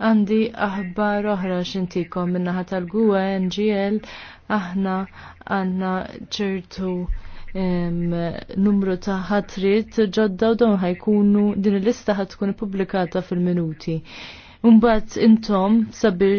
għandi aħbar oħra xintikom minnaħa tal-gwa NGL aħna għanna ċertu numru ta' ħatrit ġodda u dawn ħajkunu din l lista ħatkun publikata fil-minuti. Umbat intom sabir